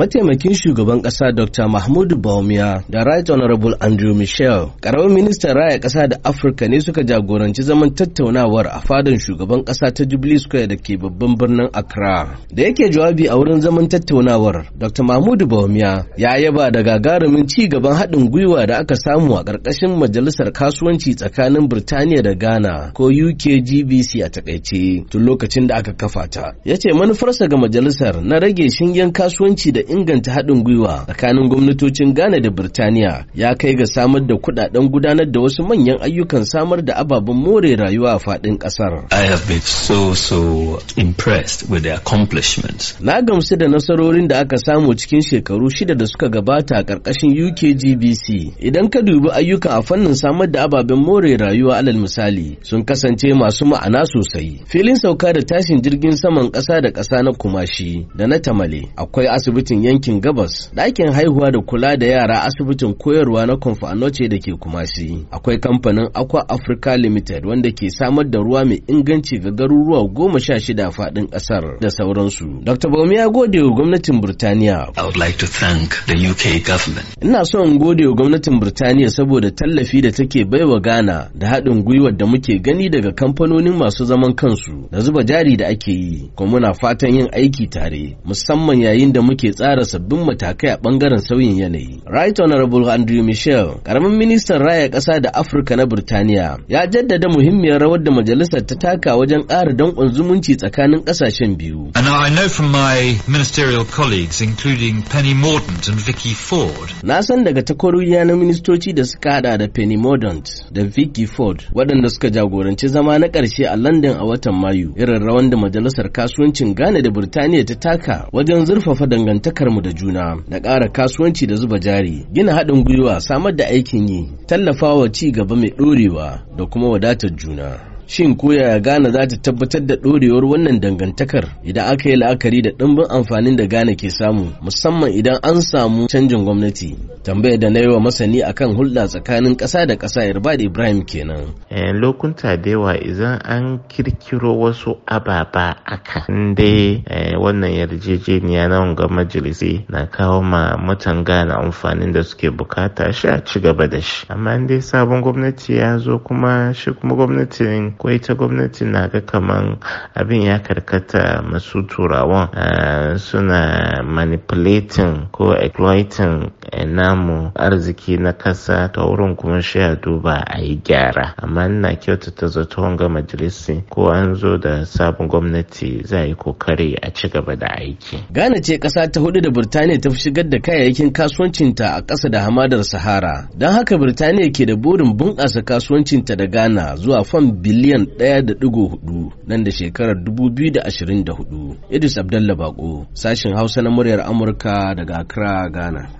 mataimakin shugaban ƙasa Dr. Mahmudu baumia da Right Honorable Andrew Michel, ƙaramin ministan raya ƙasa da Afirka ne suka jagoranci zaman tattaunawar a fadan shugaban ƙasa ta Jubilee Square da ke babban birnin Accra. Da yake jawabi a wurin zaman tattaunawar, Dr. Mahmudu baumia ya yaba da gagarumin ci gaban haɗin gwiwa da aka samu a ƙarƙashin majalisar kasuwanci tsakanin Birtaniya da Ghana ko UKGBC a takaice tun lokacin da aka kafa ta. Ya ce manufarsa ga majalisar na rage shingen kasuwanci da inganta haɗin gwiwa tsakanin gwamnatocin Ghana da Birtaniya ya kai ga samar da kuɗaɗen gudanar da wasu manyan ayyukan samar da ababen more rayuwa a faɗin ƙasar. I have been so so impressed with the accomplishments. Na gamsu da nasarorin da aka samu cikin shekaru shida da suka gabata a ƙarƙashin UKGBC. Idan ka dubi ayyuka a fannin samar da ababen more rayuwa alal misali sun kasance masu ma'ana sosai. Filin sauka da tashin jirgin saman ƙasa da ƙasa na Kumashi da na Tamale akwai asibitin yankin gabas ɗakin haihuwa da kula da yara asibitin koyarwa na Noce da ke kumasi akwai kamfanin aqua africa limited wanda ke samar da ruwa mai inganci ga garuruwa goma sha shida faɗin ƙasar da sauransu dr baumi ya gode wa gwamnatin Birtaniya. i would like uk government ina son gode wa gwamnatin Birtaniya saboda tallafi da take bai wa ghana da haɗin gwiwar da muke gani daga kamfanonin masu zaman kansu da zuba jari da ake yi kuma muna fatan yin aiki tare musamman yayin da muke tsara sabbin matakai a bangaren sauyin yanayi. Right Honorable Andrew Michel, karamin ministan raya ƙasa da Afirka na Burtaniya, ya jaddada muhimmiyar rawar da majalisar ta taka wajen ƙara danƙon zumunci tsakanin ƙasashen biyu. And I know from my ministerial colleagues including Penny Mordaunt and Vicky Ford. Na san daga takwaroriya na ministoci da suka hada da Penny Mordaunt da Vicky Ford waɗanda suka jagoranci zama na ƙarshe a London a watan Mayu irin rawar da majalisar kasuwancin Ghana da Burtaniya ta taka wajen zurfafa dangantaka mu da juna na ƙara kasuwanci da zuba jari gina haɗin gwiwa samar da aikin yi tallafawa ci gaba mai ɗorewa da kuma wadatar juna shin koya Ghana za ta tabbatar da ɗorewar wannan dangantakar idan aka yi la'akari da ɗimbin amfanin da Ghana ke samu musamman idan an samu canjin gwamnati tambayar da na yi wa masani akan hulɗa tsakanin ƙasa da ƙasa Irbad Ibrahim kenan. Eh, lokunta da yawa idan an kirkiro wasu ababa aka dai eh, wannan yarjejeniya na wanga majalisi na kawo ma mutan Ghana amfanin da suke bukata shi a ci gaba da shi amma dai sabon gwamnati ya zo kuma shi kuma gwamnatin ko ta gwamnati na ga kaman abin ya karkata masu turawan eh, suna manipulating ko exploiting eh, namu arziki na kasa ta wurin kuma sha duba a yi gyara amma ina kyautata zato ga majalisi ko an zo da sabon gwamnati za yi kokari a ci gaba da aiki ghana ce kasa ta hudu da birtaniya ta fi shigar da kayayyakin kasuwancinta a ƙasa da hamadar sahara don haka birtaniya ke da burin bunƙasa kasuwancinta da ghana zuwa fam biliyan miliyan 1.4 nan da shekarar 2024. Idris Abdallah Bako, sashin Hausa na muryar Amurka daga Accra, Ghana.